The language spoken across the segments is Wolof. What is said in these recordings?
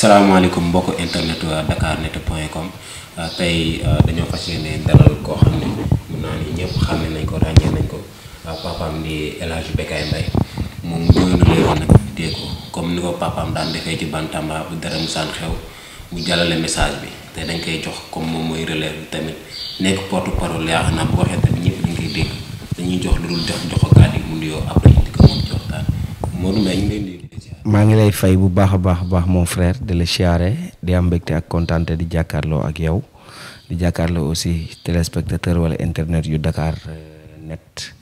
salaamaaleykum mbokku internet waa euh, dakarnet.com euh, tey euh, dañoo fas yéene dalal koo xam ne mun naa ni ñëpp xam nañ ko ràññee nañ ko papaam di El Hadj Bécaye Mbaye moom jooylu lay ko comme ni ko papaam daan defee ci bantamba bu dara musaan xew mu jàllale message bi te dañ koy jox comme moom mooy relève tamit nekk porte parole yaakaar naa bu waxee tamit ñëpp dañ koy dégg dañuy jox lu dul jox jox kàddu yi mu nuyoo après di ko moom jox daal Modou Mbaye ñu ngi maa ngi lay fay bu baax a baax a baax mon frère di la siyaare di am mbégte ak kontaante di jàkkaarloo ak yow di jàkkaarloo aussi téléspectateur wala internet yu Dakar euh, net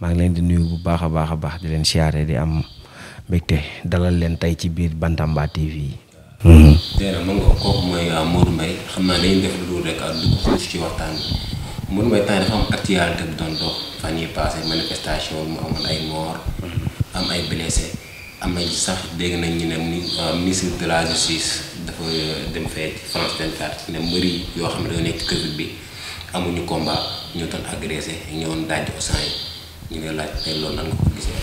maa ngi leen di nuyu bu baax a baax a baax di leen siyaare di am mbégte dalal leen tey ci biir Bantamba TV. tey nag xam ak ah, dugg xuus doon dox fan yii passé manifestation mu amoon ay mort hmm. am ay blessé. am nañ sax dégg nañ ñu ne euh, ministre de la justice dafa euh, dem fee France 24 ne mbëri yoo xam ne dañoo nekk Covid ñu ne laaj tey loolu nan nga ko gisee.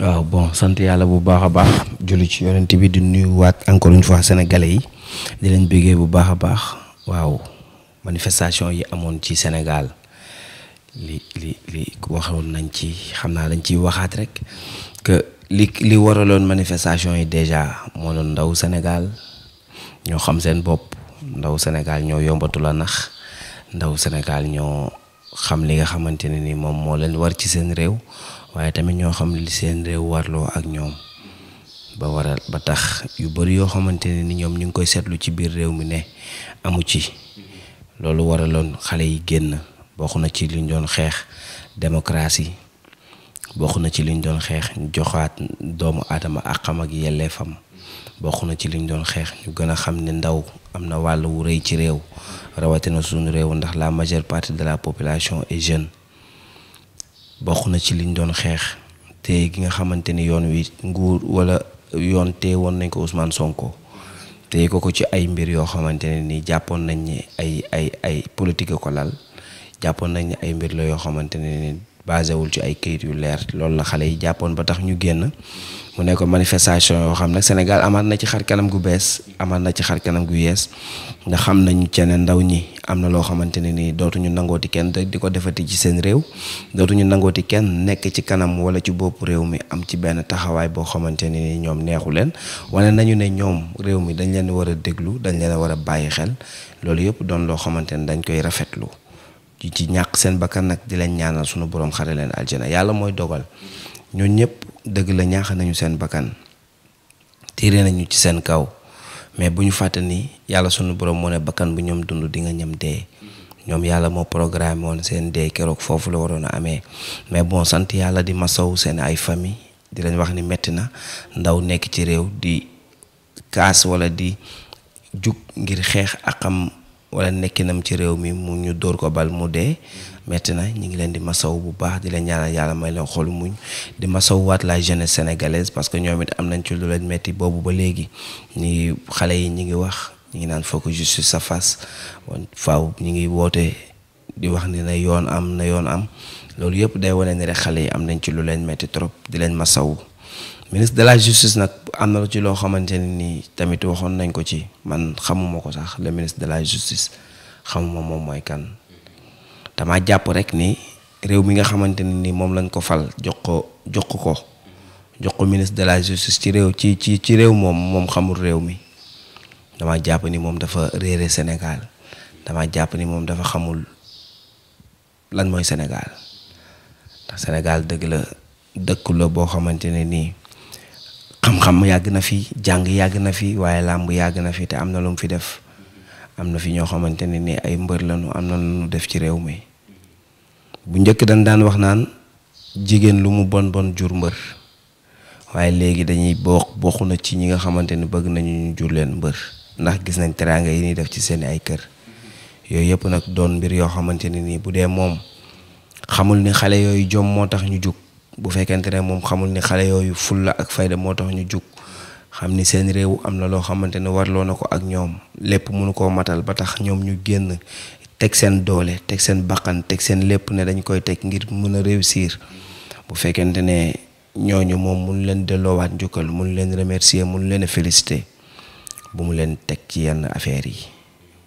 waaw bon sant yàlla bu baax a baax julli ci yonent bi di nuyuwaat encore une fois sénégalais yi di bëggee bu baax a baax waaw manifestation yi amoon ci Sénégal li li li waxoon nañ ci xam naa dañ ciy waxaat rek li li waraloon manifestation yi déjà moo doon ndaw Sénégal ñoo xam seen bopp ndaw Sénégal ñoo yombatu la nax ndaw Sénégal ñoo xam li nga xamante ne ni moom moo leen war ci seen réew waaye tamit ñoo xam li seen réew warloo ak ñoom ba waral ba tax yu bari yoo xamante ne ni ñoom ñu ngi koy seetlu ci biir réew mi ne amu ci loolu waraloon xale yi génn bokk na ci liñ doon xeex démocratie bokk na ci liñ doon xeex ñu joxaat doomu aadama àqam ak yelleefam bokk na ci liñ doon xeex ñu gën a xam ne ndaw am na wàll wu rëy ci réew rawatina suñu réew ndax la majeure partie de la population est jeune bokk na ci liñ doon xeex te gi nga xamante ni yoon wi nguur wala yoon tee woon nañ ko Ousmane Sonko tey ko ko ci ay mbir yoo xamante ne ni jàppoon nañ ni ay ay ay politique ko lal jàppoon nañ ni ay mbir la yoo xamante ne basé wul ci ay kayit yu leer loolu la xale yi jàppoon ba tax ñu génn mu nekk manifestation yoo xam nag Sénégal amaat na ci xar kanam gu bees amaat na ci xar kanam gu yees nga xam nañu cene ndaw ñi am na loo xamante ne nii dootuñu nangooti kenn di ko defati ci seen réew dootuñu nangooti kenn nekk ci kanam wala ci bopp réew mi am ci benn taxawaay boo xamante ne nii ñoom neexu leen wane nañu ne ñoom réew mi dañ leen war a déglu dañ leen war a bàyyi xel loolu yëpp doon loo xamante ne dañ koy rafetlu. ñu ci ñàkk seen bakkan nag di leen ñaanal suñu borom xare leen aljana yàlla mooy dogal ñooñu ñëpp dëgg la ñaax nañu seen bakkan tiire nañu ci seen kaw mais bu ñu fàtte ni yàlla suñu borom moo ne bakkan bu ñoom dund di nga ñam dee. ñoom yàlla moo programme woon seen dee keroog foofu la waroon a amee mais bon sant yàlla di masaw seen ay famille di leen wax ni metti na ndaw nekk ci réew di kaas wala di jug ngir xeex akam wala nekkinam ci réew mi mu ñu dóor ko bal mu dee metti na ñu ngi leen di masaw bu baax di leen ñaanal yàlla may leen xolu muñ di masaw waat la jeunesse sénégalaise parce que ñoom it am nañ ci lu leen metti boobu ba léegi ni xale yi ñi ngi wax ñi ngi naan foo fokk justice sa face faw ñi ngi woote di wax ni na yoon am na yoon am loolu yëpp day wane ni rek xale yi am nañ ci lu leen metti trop di leen masaw ministre de la justice nag am na ci loo xamante ne nii tamit waxoon nañ ko ci man xamuma ko sax le ministre de la justice xamuma moom mooy kan dama jàpp rek ni réew mi nga xamante nii moom lañ ko fal jox ko jox ko jox ko ministre de la justice ci réew ci ci ci réew moom moom xamul réew mi dama jàpp ni moom dafa réere Sénégal dama jàpp ni moom dafa xamul lan mooy Sénégal ndax Sénégal dëgg la dëkk la boo xamante ne nii. xam-xam yàgg na fi jàng yàgg na fi waaye làmb yàgg na fi te am na lu mu fi def am na fi ñoo xamante ne ni ay mbër lañu am na lu ñu def ci réew mi bu njëkk dañ daan wax naan jigéen lu mu bon bon jur mbër waaye léegi dañuy bokk bokk na ci ñi nga xamante ni bëgg nañu ñu jur leen mbër ndax gis nañ teraanga yi ñuy def ci seeni ay kër yooyu yëpp nag doon mbir yoo xamante ne nii bu dee moom xamul ni xale yooyu jom moo tax ñu jug bu fekkente ne moom xamul ni xale yooyu fulla ak fayda moo tax ñu jug xam ni seen réew am na loo xamante ne warloo na ko ak ñoom lépp mënu koo matal ba tax ñoom ñu génn teg seen doole teg seen bakkan teg seen lépp ne dañu koy teg ngir mun a réussir bu fekkente ne ñooñu moom mun leen delloowaat njukkal mun leen remercier mun leen a féliciter bu mu leen teg ci yenn affaires yi.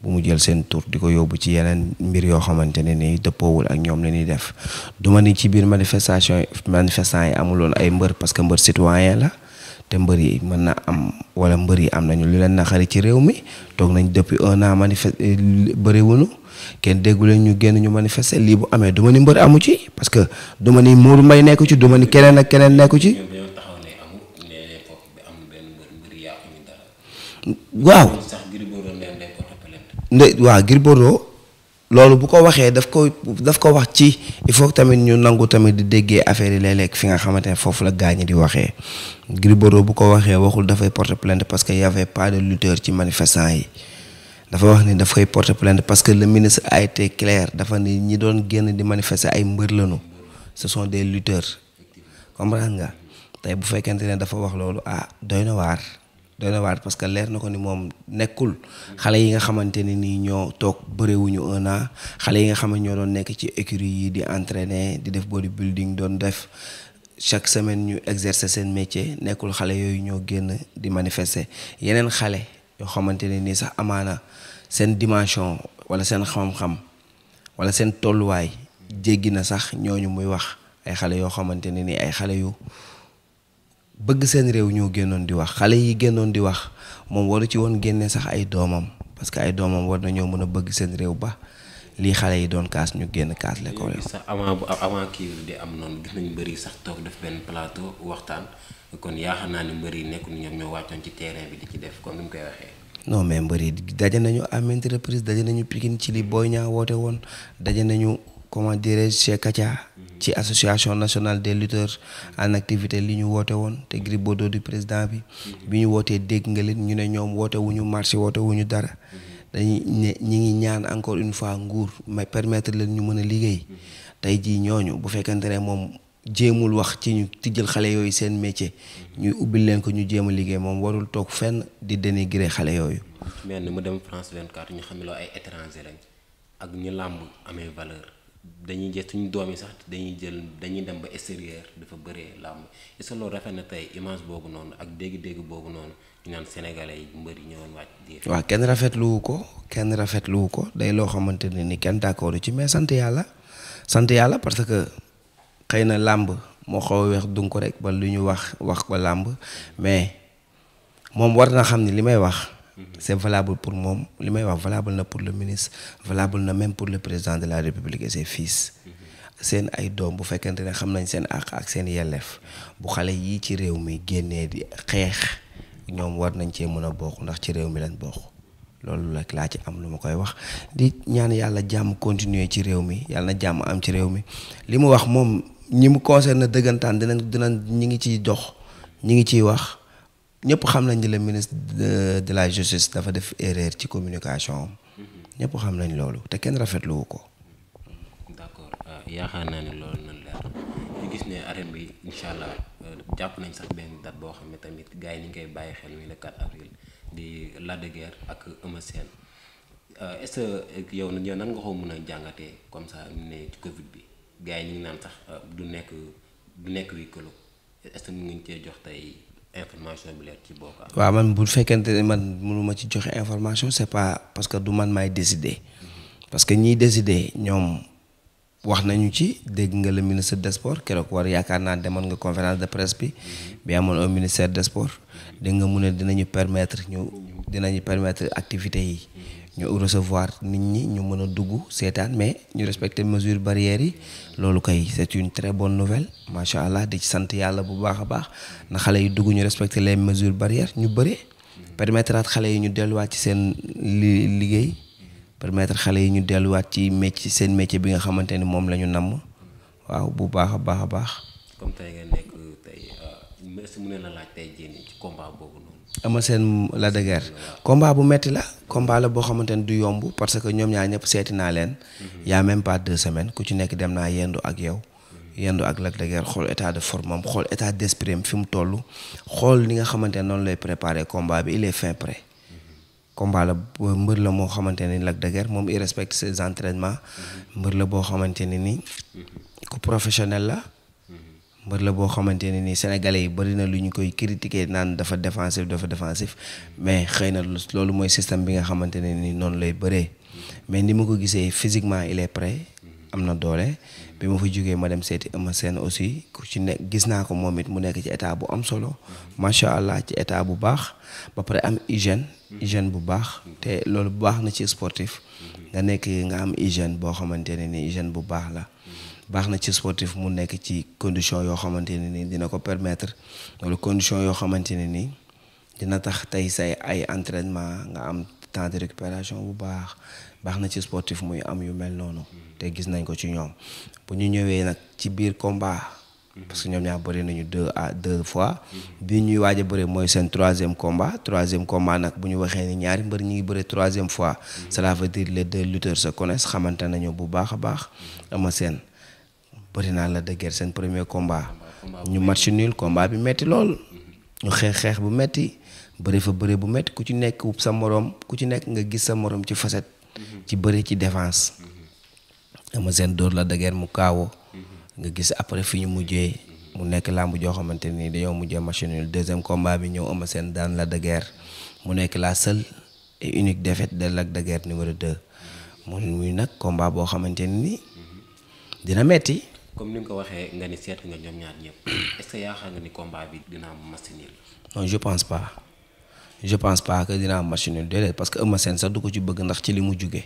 bu mu jël seen tur di ko yóbbu ci yeneen mbir yoo xamante ne ni dëppoowul ak ñoom la ñuy def du ma ni ci biir manifestation manifestants yi amuloon ay mbër parce que mbër citoyen la te mbër yi mën na am wala mbër yi am nañu lu leen naqari ci réew mi toog nañ depuis un an manifeste euh, bëriwunu kenn déggu leen ñu génn ñu manifester lii bu amee duma ma ni mbër amu ci parce que du ma ni Mourou Mbaye nekku ci du ma ni keneen ak keneen nekku ci. waaw. nde waaw Gris Bordeaux loolu bu ko waxee daf ko daf ko wax ci il faut tamit ñu nangu tamit di déggee affaire yi léeg lekk fi nga xamante ne foofu la gaañ di waxee Gris Bordeaux bu ko waxee waxul dafay porte plainte parce que y avait pas de lutteur ci manifestant yi dafa wax ni dafay porte plainte parce que le ministre a été clair dafa ni ñi doon génn di manifester ay mbër lañu ce sont des lutteurs comprendre nga tey bu fekkente ne dafa wax loolu ah doy na waar. doy parce que leer na ko ni moom nekkul xale yi nga xamante ne nii ñoo toog bëriwuñu un an xale yi nga xam ne ñoo doon nekk ci écurie yi di entraîner di def bodybuilding doon def chaque semaine ñu exercer seen métier nekkul xale yooyu ñoo génn di manifester yeneen xale yoo xamante ne nii sax amaana seen dimension wala seen xam-xam wala seen tolluwaay jéggi na sax ñooñu muy wax ay xale yoo xamante ne nii ay xale yu. bëgg seen réew ñoo génnoon di wax xale yi génnoon di wax moom waru ci woon génne sax ay doomam parce que ay doomam war nañoo mën a bëgg seen réew ba lii xale yi doon kaas ñu génn kaas le ko sax avant avant kii di am noonu gis nañu mbër yi sax toog def benn plateau waxtaan kon yaakaar naa ne mbër yi nekkul ñoom ñoo wàccoon ci terrain bi di ci def comme ni mu mais mbër yi daje nañu à maintes reprises daje nañu Pikine ci li booy Niang woote woon daje nañu. comment dirais-je Cheikh Katia ci association nationale des lutteurs en activité li ñu woote woon te Gris Bordeaux du président bi bi ñu wootee dégg nga leen ñu ne ñoom woote wu ñu marché woote wu ñu dara dañuy ne ñi ngi ñaan encore une fois nguur may permettre leen ñu mën a liggéey tey jii ñooñu bu fekkente ne moom jéemul wax ci ñu tijjal xale yooyu seen métier ñuy ubbil leen ko ñu jéem a liggéey moom warul toog fenn di dénigrer xale yooyu. mel ni mu dem France 24 ñu xam loo ay étranger lañ ak ñu làmb amee valeur. dañuy jël suñu doom yi sax dañuy jël dañuy dem ba extérieur dafa bëree làmb est rafet na tey image boobu noonu ak dégg-dégg boobu noonu ñu naan sénégalais yi mbër yi ñëwoon wàcc diir. waaw kenn rafetluwu ko kenn rafetluwu ko day loo xamante ne ni kenn d'accord ci mais sant yàlla sant yàlla parce que xëy na làmb moo xaw a weex dun rek ba lu ñu wax wax ko làmb mais moom war na xam ni li may wax. c' est valable pour moom li may wax valable na pour le ministre valable na même pour le président de la république et ses seen ay doom bu fekkente ne xam nañ seen àq ak seen yelleef bu xale yii ci réew mi génnee di xeex ñoom war nañ cee mën a bokk ndax ci réew mi lañ bokk loolu nag laa ci am lu ma koy wax di ñaan yàlla jàmm continuer ci réew mi yàlla jàmm am ci réew mi li mu wax moom ñi mu concerne dëggantaan dinañ dinañ ñi ngi ciy dox ñi ngi ciy wax ñëpp xam nañ ne le ministre de de la justice dafa def erreur ci communication am mhm. ñëpp xam nañ loolu te kenn rafetlu wu ko. d'accord ah, yaakaar naa ne loolu nan leer ñu gis ne arène bi incha allah euh, jàpp nañ sax benn date boo xam ne tamit gars yi ñu ngi koy bàyyi xel muy le 4 di Lac de ak Eumeu Sène euh, est-ce que yow ko mën a jàngatee comme ça ñu ne ci Covid bi gars yi naan sax euh, du nekk du nekk wi këlo est-ce que ñu ngi jox tey. information bi leer ci bokk waaw man bu fekkente ne man mënuma ci joxe information c'est pas parce que du man maay décider mm-hmm. parce que ñiy décider ñoom wax nañu ci dégg nga le ministre des sports keroog war yaakaar naa demoon nga conférence de presse bi bi mm-hmm. amoon au ministère des sports mm-hmm. dégg nga mu dinañu permettre ñu dinañu permettre activités yi. ñu recevoir nit ñi ñu mën a dugg seetaan mais ñu respecter mesures barrières yi loolu kay c'est une très bonne nouvelle macha allah di ci sant yàlla bu baax a baax na xale yi dugg ñu respecter les mesures barrières ñu bëri permettre at xale yi ñu delluwaat ci seen li liggéey permettre xale yi ñu delluwaat ci métier seen métier bi nga xamante ni moom la ñu namm waaw bu baax a baax a baax. comme tey Eumeu seen Lac de Guiers bu metti la combat la boo xamante ne du yomb parce que ñoom ñaa ñëpp seeti naa leen y a même pas deux semaines ku ci nekk dem naa yendu ak yow yendu ak Lac de xool état de forme xool état d'esprit am fi toll xool li nga xamante ne noonu lay préparé combat bi il est fin prêt combat la mbër la moo xamante ne Lac de moom il respecte ses entraînements mbër la boo xamante ne ni ku professionnel la mbër la boo xamante ne nii sénégalais yi bari na lu ñu koy critiquer naan dafa défensif dafa défensif mais xëy na loolu mooy système bi nga xamante ne nii noonu lay bëree mais ni ma ko gisee physiquement il est prêt am na doole bi ma fa jógee ma dem seeti Eumeu seen aussi ku gis naa ko moom it mu nekk ci état bu am solo macha allah ci état bu baax ba pare am hygiène hygiène bu baax te loolu bu baax na ci sportif nga nekk nga am hygiène boo xamante ne nii hygiène bu baax la. baax na ci sportif mu nekk ci condition yoo xamante ne ni dina ko permettre wala condition yoo xamante ne ni dina tax tey say ay entraînement nga am temps de récupération bu baax baax na ci sportif muy am yu mel noonu te gis nañ ko ci ñoom bu ñu ñëwee nag ci biir combat parce que ñoom ñaar bëri nañu à deux fois bi ñuy waaj bëri mooy seen troisième combat troisième combat nag bu ñu waxee ni ñaari mbër ñi ngi bëri troisième fois cela veut dire les deux lutteurs se connaissent xamante nañu bu baax a baax ama seen bëri naa la dëgër seen premier combat ñu match nul combat bi metti lool ñu xeex xeex bu metti bëri fa bëri bu metti ku ci nekk sa morom ku ci nekk nga gis sa moroom ci facette ci bëri ci défense ama seen door la dëgër mu kaawoo nga gis après fi ñu mujjee mu nekk làmb joo xamante nii dañoo mujjee match nul deuxième combat bi ñëw ama seen daan la dëgër mu nekk la seule et unique défaite de ak de Guiers numéro mu muy nag combat boo xamante ni comme ni nga ko waxee nga ni seet nga ñoom ñaar ñëpp est-ce que yaakaar nga ni combat bi dina am match nul. non je pense pas je pense pas que dina am match parce que Eumeu Sène sax du ci bëgg ndax ci li mu jugee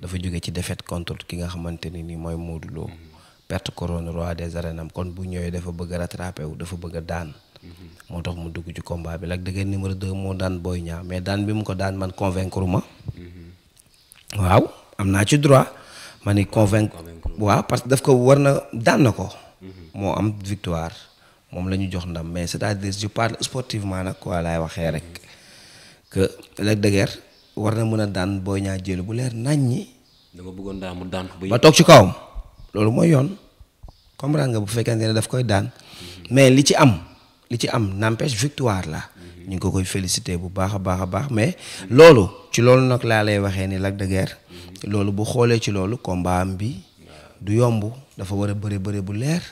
dafa jugee ci défaite contre ki nga xamante ne nii mooy Modou Lo perte couronne roi des arènes am kon bu ñëwee dafa bëgg a wu dafa bëgg a daan. moo tax mu duggu ci combat bi Lac de Guiers numéro 2 moo daan booy Niang mais daan bi mu ko daan man convaincre ma. Mhm. waaw am naa ci droit ma waaw parce que daf ko war na daan na ko. moo am victoire moom la ñu jox ndam mais c'est-à-dire je parle sportivement nag quoi laay waxee rek que Lac war na mën a daan booy ñaar jël bu leer nañ ñi. dama bëggoon daan mu daan ko ba toog ci kawam loolu mooy yoon comprendre nga bu fekkente ne daf koy daan mais li ci am li ci am n'empêche victoire la ñu ngi ko koy féliciter bu baax a baax a baax mais loolu ci loolu nag laa lay waxee ni Lac de loolu bu xoolee ci loolu combat am bi. du yomb dafa war a bëre bëre bu leer.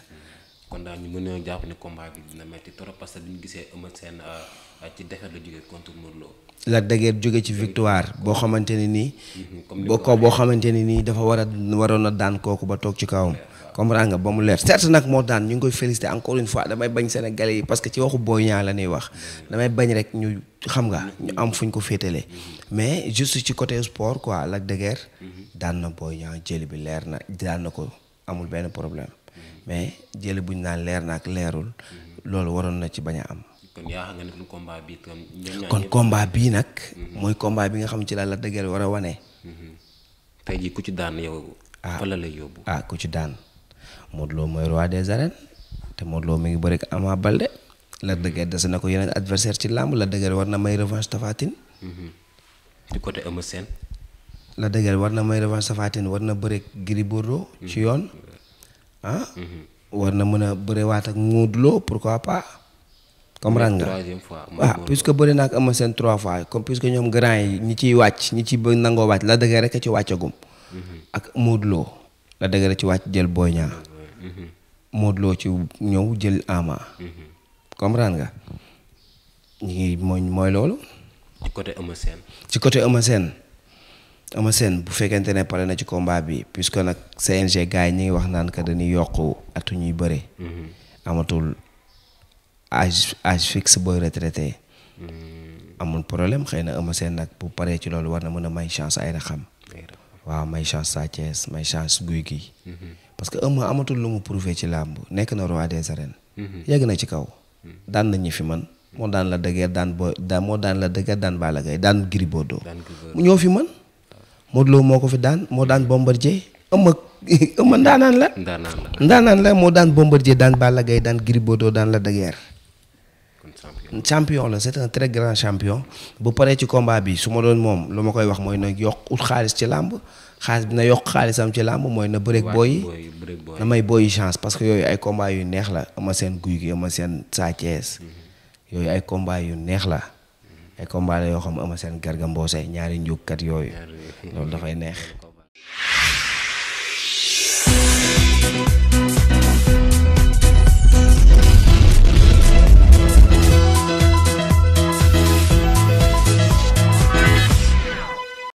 kon daal ñu mën a jàpp ne combat bi dina metti trop parce que bi gisee Eumeu Sène euh, ci défaite la jógee contre Modou la dageer jóge ci victoire boo xamante ne nii. Mhm, boo ko boo xamante ne nii dafa war waroon a daan kooku ba toog ci kawam. comprendre nga ba mu leer certes nag moo daan ñu ngi koy féliciter encore une fois damay bañ Sénégalais yi parce que ci waxu Boy Niang la ñuy wax damay bañ rek ñu xam nga ñu am fuñ ko féetalee mais juste ci côté sport quoi Lac de daan na Boy Niang jëli bi leer na daan na ko amul benn problème mais bu ñu naan leer na ak leerul loolu waroon na ci bañ am. kon yaa xam ne combat bi kon combat bii nag. Mhm. mooy combat bi nga xam ci la Lac de war a wane. Mhm. tey jii ku ci daan yow. ah ah ku ci daan. Modou Lo mooy roi des arènes te Modou Lo mi ngi bëri am Ama Balde Lac de dese na ko yeneen adversaire ci làmb Lac de war na may revanche Tapha Tine. Mhm. du côté war na may revanche Tapha war na bëri Gris Bordeaux mhm. ci yoon ah. Mhm. war na mën a bëriwaat ak Modou Lo pourquoi pas. comprendre nga waaw ah, puisque bëri naa ak Eumeu Sène trois fois comme puisque ñoom grand yi ñi ciy wàcc ñi ciy nangoo wàcc Lac de Guiers rek a ci wàccagum. ak Modou la Lac de ci wàcc jël Boy Modou Lo ci ñëw jël Ama. Mhm. comprendre nga. ñu ngi mooy mooy loolu. ci côté Eumeu Sène. ci côté Eumeu Sène. bu fekkente ne pare na ci combat bi puisque nag CNG gars yi ñu ngi wax naan que dañuy yokk atu ñuy bëre. Mhm. amatul âge âge fixe booy retraité. Mhm. amul problème xëy na Eumeu Sène nag bu paree ci loolu war na mën a may chance ay raxam. waaw may chance Sa may chance Gouye Gui. parce que Eumeu amatul lu mu prouvé ci làmb nekk na roi des arènes. Mhm. yegg na ci kaw. Mhm. daan nañ ñi fi man moo daan la dëgër daan bo daan moo la dëgër daan Balla Gaye daan mu ñoo fi man Modou Lo moo ko fi daan moo daan mhm. Bombardier Eumeu Eumeu ndaanaan la. ndaanaan la moo daan Bombardier daan Balla Gaye daan Gris daan la dëgër. champion la c'est un très grand champion. bu paree ci combat bi su ma doon moom lu ma koy wax mooy nag yokk ut xaalis ci làmb. xaalis bi yokk xaalisam ci làmb mooy na bëreeg booy yi na may booy chance parce que yooyu ay combat yu neex la ama seen guy gi ama seen Sa mm-hmm. yooyu ay combat yu neex la mm-hmm. ay combat la yoo xam ama seen Garga Mbossé ñaari njuukkat yooyu loolu dafay neex